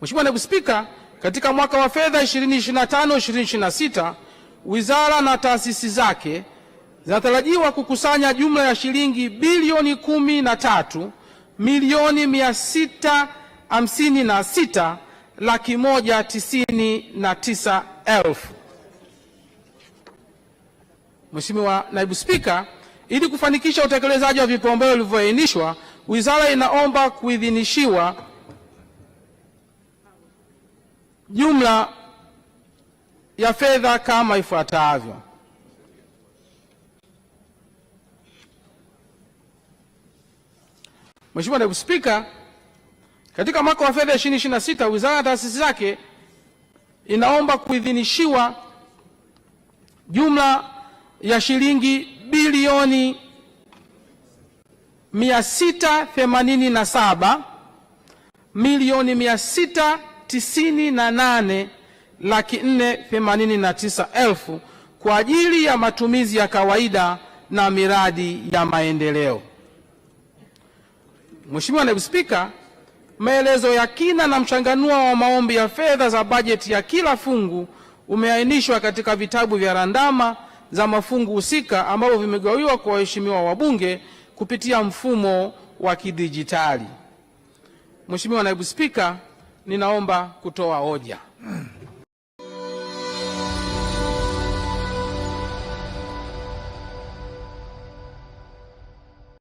Mheshimiwa Naibu Spika, katika mwaka wa fedha 2025 2026 wizara na taasisi zake zinatarajiwa kukusanya jumla ya shilingi bilioni kumi na tatu milioni mia sita hamsini na sita laki moja tisini na tisa elfu. Mheshimiwa Naibu Spika, ili kufanikisha utekelezaji wa vipaumbele vilivyoainishwa, wizara inaomba kuidhinishiwa jumla ya fedha kama ifuatavyo: Mheshimiwa Naibu Spika, katika mwaka wa fedha 2026 wizara ya taasisi zake inaomba kuidhinishiwa jumla ya shilingi bilioni 687 milioni tisini na nane laki nne themanini na tisa elfu kwa ajili ya matumizi ya kawaida na miradi ya maendeleo. Mheshimiwa Naibu Spika, maelezo ya kina na mchanganua wa maombi ya fedha za bajeti ya kila fungu umeainishwa katika vitabu vya randama za mafungu husika ambavyo vimegawiwa kwa waheshimiwa wabunge kupitia mfumo wa kidijitali. Mheshimiwa Naibu Spika, ninaomba kutoa hoja.